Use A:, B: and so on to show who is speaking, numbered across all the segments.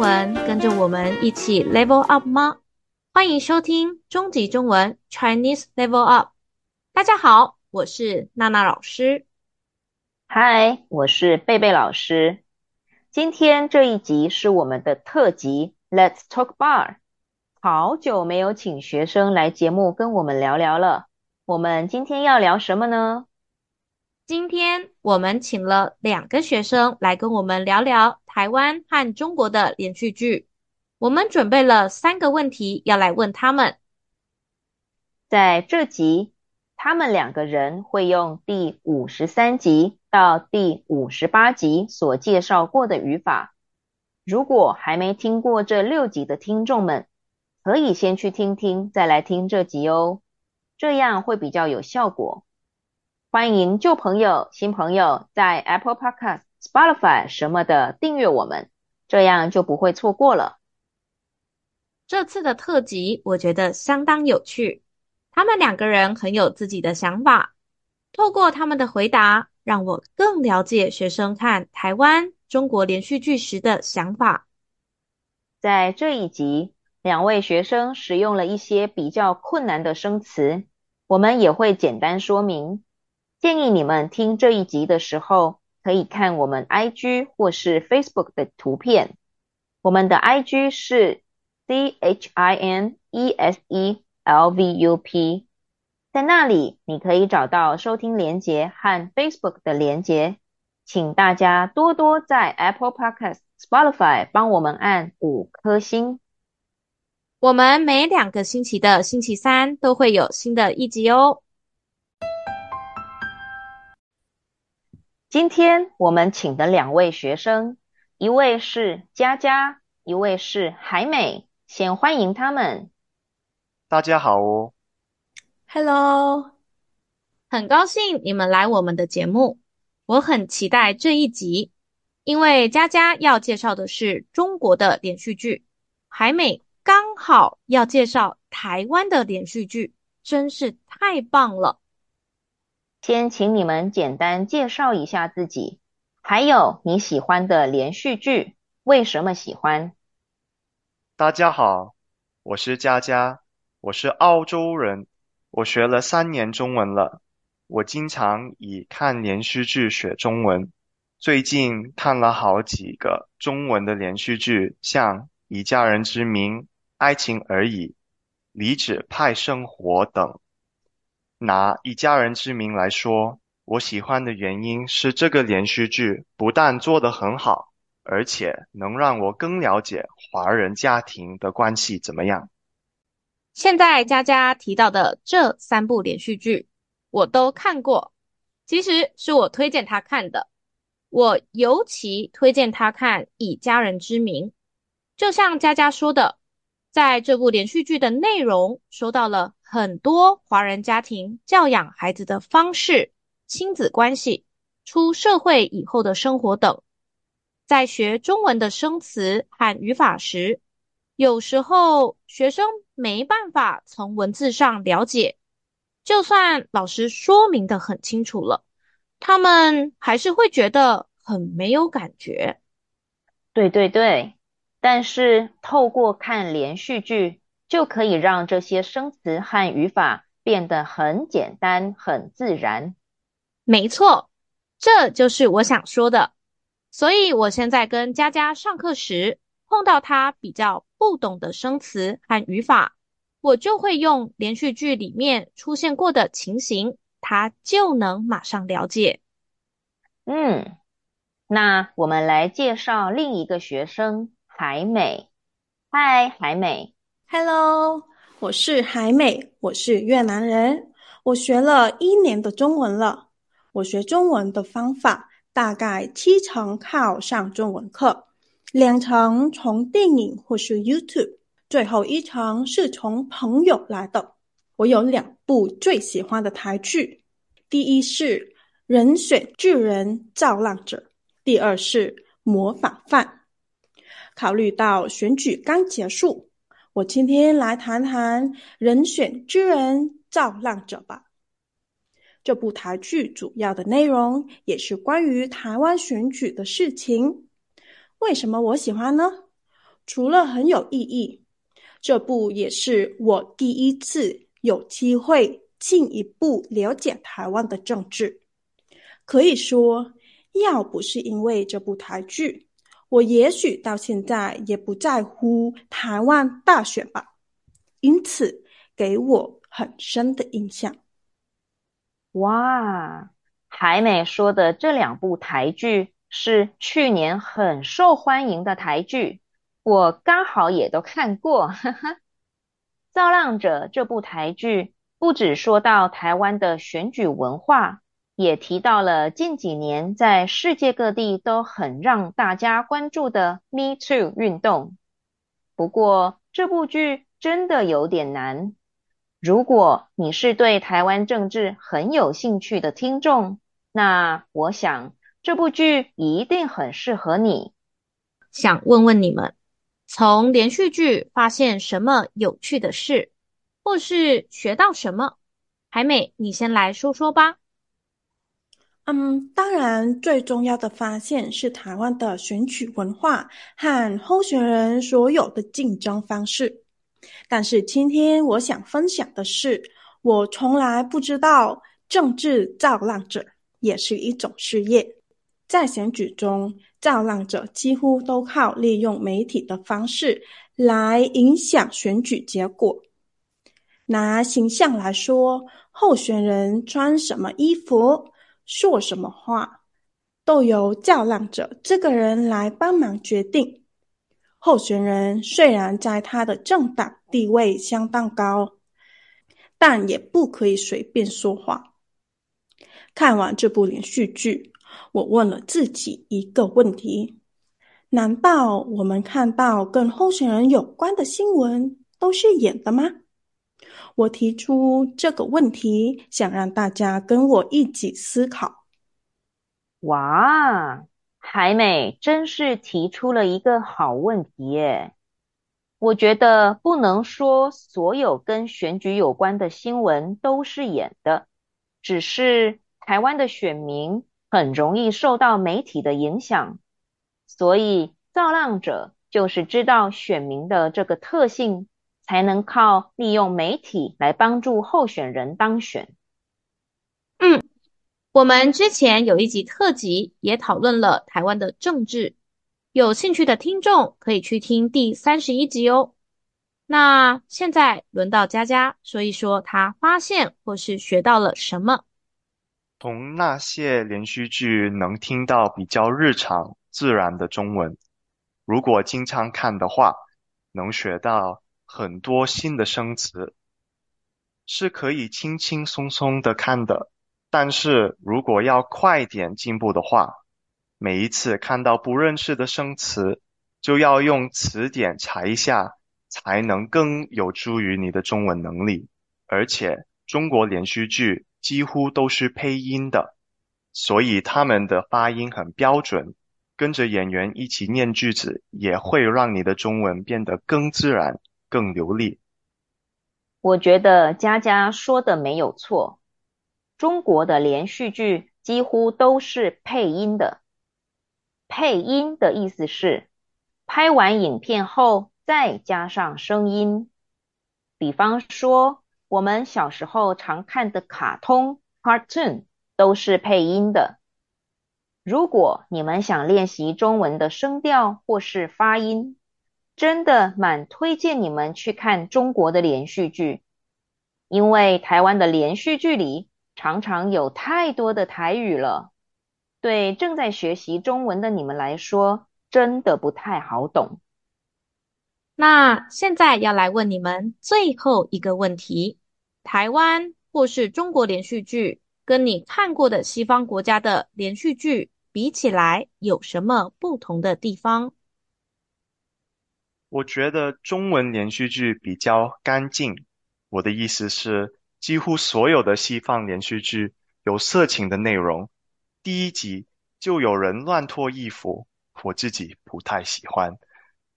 A: 文跟着我們一起 level up 嗎？歡迎收聽終極中文 Chinese Level Up。大家好，我是娜娜老師。嗨，我是貝貝老師。
B: 今天這一集是我們的特輯 Let's Talk Bar。好久沒有請學生來節目跟我們聊聊了。我們今天要聊什麼
A: 呢？今天我們請了兩個學生來跟我們聊聊台灣和中國的連續劇。我們準備了三個問題要來問他們。在這集，他們兩個人
B: 會用第五十三集到第五十八集所介紹過的語法。如果還沒聽過這六集的聽眾們，可以先去聽聽，再來聽這集哦，這樣會比較有效果。歡迎舊朋友、新朋友在 Apple Podcast、Spotify 什麼的
A: 訂閱我們，這樣就不會錯過了。
C: 這次
A: 的特輯我覺得相當有趣，他們兩個人很有自己的想法。透過他們的回答，讓我更了解學生看台灣、中國連續劇時的想法。在這一集，兩位學
B: 生使用了一些比較困難的生詞，我們也會簡單說明。建議你們聽這一集的時候，可以看我們 IG 或是 Facebook 的圖片。我們的 IG 是 C H I N E S E L V U P，在那裡你可以找到收聽連結和 Facebook 的連結。請大家多多在 Apple
A: Podcast、Spotify 幫我們按五顆星。我們每兩個星期的星期三都會有新的一集哦。
B: 今天我們請的兩位學生，一位是佳佳，一位是海美。先歡迎他們。
D: 大家好哦
A: ，Hello，很高興你們來我們的節目，我很期待這一集，因為佳佳要介紹的是中國的連續劇，海美剛好要介紹台灣的連續劇，真是太棒了。
B: 先請你們簡單介紹一下自己，還有你喜歡的連
D: 續劇，為什麼喜歡？大家好，我是佳佳，我是澳洲人，我學了三年中文了，我經常以看連續劇學中文，最近看了好幾個中文的連續劇，像《以家人之名》、《愛情而已》、《理智派生活》等。拿《以家人之名》來說，我喜歡的原因是這個連續劇不但做得很好，而且能讓我更了解華人家庭的關係怎麼樣。
A: 現在佳佳提到的這三部連續劇我都看過，其實是我推薦他看的，我尤其推薦他看《以家人之名》，就像佳佳說的。在這部連續劇的內容，收到了很多華人家庭教養孩子的方式、親子關係、出社會以後的生活等。在學中文的生詞和語法時，有時候學生沒辦法從文字上了解，就算老師說明得很清楚了，他們還是會覺得很沒有感覺。對對對。但是透過看連續劇，就
B: 可以讓這些生詞和語法變得很簡單、很自然。
A: 沒錯，這就是我想說的。所以我現在跟佳佳上課時，碰到她比較不懂的生詞和語法，我就會用連續劇裡面出現過的情形，她就能馬上了解。嗯，那我們來介
B: 紹另一個學生。海美，嗨，海美，Hello，
C: 我是海美，我是越南人，我學了一年的中文了。我學中文的方法大概七成靠上中文課，兩成從電影或是 YouTube，最後一成是從朋友來的。我有兩部最喜歡的台劇，第一是《人選之人－造浪者》，第二是《模仿犯》。考慮到選舉剛結束，我今天來談談《人選之人造浪者》吧。這部台劇主要的內容也是關於台灣選舉的事情。為什麼我喜歡呢？除了很有意義，這部也是我第一次有機會進一步了解台灣的政治。可以說，要不是因為這部台劇，我也許到現在也不在乎台灣大選吧，因此給我很深的印象。哇，
B: 海美說的這兩部台劇是去年很受歡迎的台劇，我剛好也都看過。哈哈，《造浪者》這部台劇不只說到台灣的選舉文化。也提到了近幾年在世界各地都很讓大家關注的 Me Too 運動。不過這部劇真的有點難。如果你是對台灣政治很有興趣的聽眾，那我想這部劇一定很適合你。
A: 想問問你們，從連續劇發現什麼有趣的事，或是學到什麼？海美，你先來說說吧。
C: 嗯，當然，最重要的發現是台灣的選舉文化和候選人所有的競爭方式。但是今天我想分享的是，我從來不知道政治造浪者也是一種事業。在選舉中，造浪者幾乎都靠利用媒體的方式來影響選舉結果。拿形象來說，候選人穿什麼衣服，說什麼話，都由叫浪者這個人來幫忙決定。候選人雖然在他的政黨地位相當高，但也不可以隨便說話。看完這部連續劇，我問了自己一個問題：難道我們看到跟候選人有關的新聞都是演的嗎？我提出這個問題，想讓大家跟我一起思考。
B: 哇，海美真是提出了一個好問題耶！我覺得不能說所有跟選舉有關的新聞都是演的，只是台灣的選民很容易受到媒體的影響，所以造浪者就是知道選民的這個特性。才能靠
A: 利用媒體來幫助候選人當選。嗯，我們之前有一集特輯也討論了台灣的政治，有興趣的聽眾可以去聽第三十一集哦。那現在輪到佳佳說一說她發現或是學到了什麼。
D: 從那些連續劇能聽到比較日常自然的中文，如果經常看的話，能學到。很多新的生詞是可以輕輕鬆鬆的看的，但是如果要快點進步的話，每一次看到不認識的生詞，就要用詞典查一下，才能更有助於你的中文能力。而且中國連續劇幾乎都是配音的，所以他們的發音很標準，跟着演員一起念句子，也會讓你的中文變得更自然。更流利。
B: 我覺得佳佳說的沒有錯。中國的連續劇幾乎都是配音的。配音的意思是，拍完影片後再加上聲音。比方說，我們小時候常看的卡通 （cartoon） 都是配音的。如果你們想練習中文的聲調或是發音，真的蠻推薦你們去看中國的連續劇，因為台灣的連續劇裡常常有太多的台語了，對正在學習中文的你們來說，真的不太好懂。
A: 那現在要來問你們最後一個問題：台灣或是中國連續劇跟你看過的西方國家的連續劇比起來，有什麼不同的地方？
D: 我覺得中文連續劇比較乾淨，我的意思是，幾乎所有的西方連續劇有色情的內容，第一集就有人亂脫衣服，我自己不太喜歡。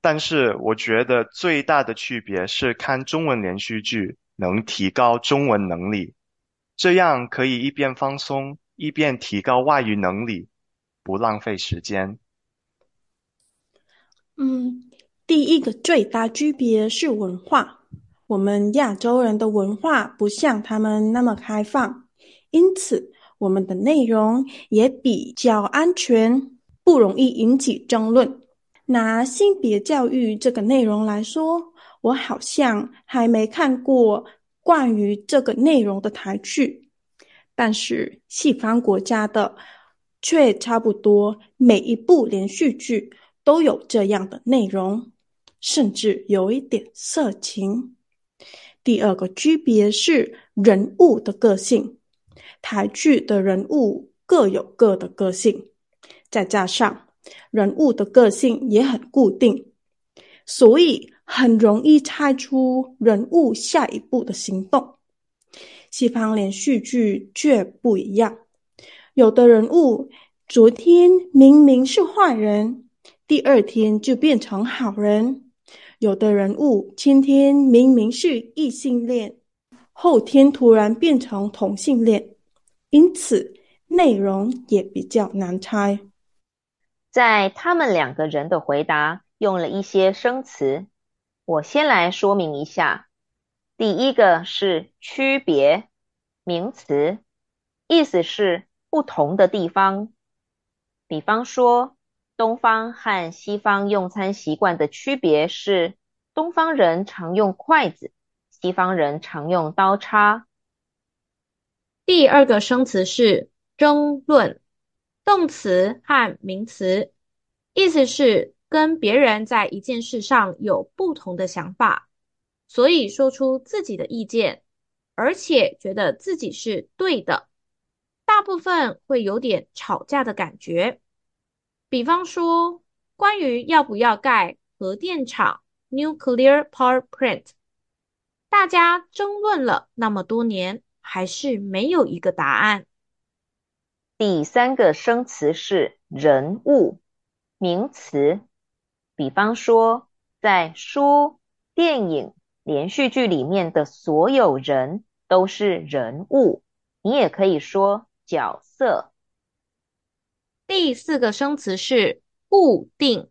D: 但是我覺得最大的區別是，看中文連續劇能提高中文能力，這樣可以一邊放鬆，一邊提高外語能力，不浪費時間。
C: 嗯。第一個最大區別是文化，我們亞洲人的文化不像他們那麼開放，因此我們的內容也比較安全，不容易引起爭論。拿性別教育這個內容來說，我好像還沒看過關於這個內容的台劇，但是西方國家的卻差不多每一部連續劇都有這樣的內容。甚至有一點色情。第二個區別是人物的個性，台劇的人物各有各的個性，再加上人物的個性也很固定，所以很容易猜出人物下一步的行動。西方連續劇卻不一樣，有的人物昨天明明是壞人，第二天就變成好人。有的人物，今天明明是異性戀，後天突然變成同性戀，因此內容也比較難猜。在他們兩個
B: 人的回答用了一些生詞，我先來說明一下。第一個是“區別”名詞，意思是不同的地方，比方說，東方和西方用餐習慣的區別是，東方人常用筷子，
A: 西方人常用刀叉。第二個生詞是“爭論”，動詞和名詞，意思是跟別人在一件事上有不同的想法，所以說出自己的意見，而且覺得自己是對的，大部分會有點吵架的感覺。比方說，關於要不要蓋核電廠 （nuclear power plant），大家爭論了那麼多年，還是沒有一個答案。
B: 第三個生詞是人物，名詞。比方說，在書、電影、連續劇裡面的所有人都是人物，你也可以說
A: 角色。第四個生詞是固定，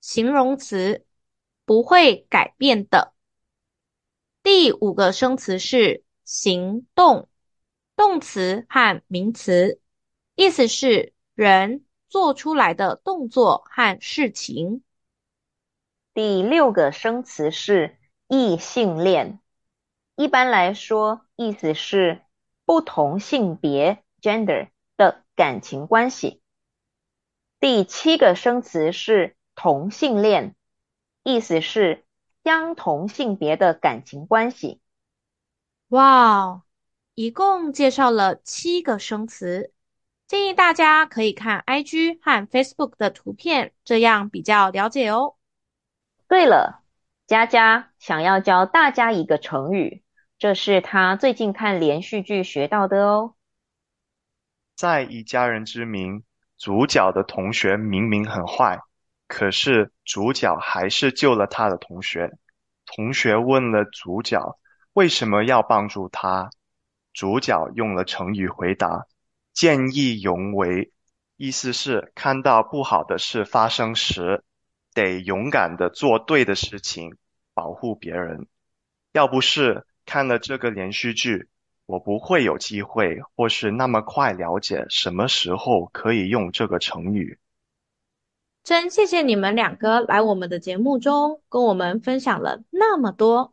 A: 形容詞，不會改變的。第五個生詞是行動，動詞和名詞，意思是人做出來的動作和事情。第六個生詞是異性戀，
B: 一般來說，意思是不同性別 （gender） 的感情關係。第七個生詞是同性戀，意思是相同性別的感情關
A: 係。哇，wow，一共介紹了七個生詞，建議大家可以看 IG 和 Facebook 的圖片，這樣比較了解哦。對了，
B: 佳佳想要教大家一個成語，這是她最近看連續劇學到的哦。
D: 在以家人之名。主角的同學明明很壞，可是主角還是救了他的同學。同學問了主角為什麼要幫助他，主角用了成語回答：“見義勇為”，意思是看到不好的事發生時，得勇敢的做對的事情，保護別人。要不是看了這個連續劇。我不會有機會，或是那麼快了解什麼時候可以用這個成語。
A: 真謝謝你們兩個來我們的節目中，跟我們分享了那麼多。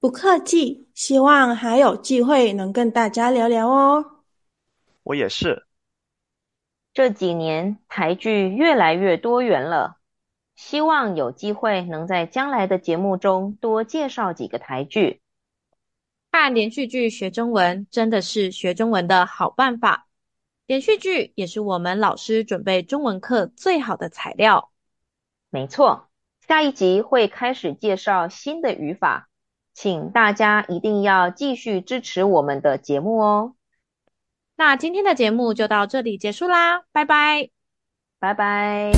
A: 不客氣，希望還有機會能跟大家聊聊哦。
D: 我也是。
B: 這幾年台劇越來越多元了，希望有機會能在將來的節目中多介紹幾個台劇。
A: 看連續劇學中文真的是學中文的好辦法，連續劇也是我們老師準備中文課最好的材料。
B: 沒錯，下一集會開始介紹新的語法，請大家一定要繼續支持我們的節目哦。
A: 那今天的節目就到這裡結束啦，拜拜，拜拜。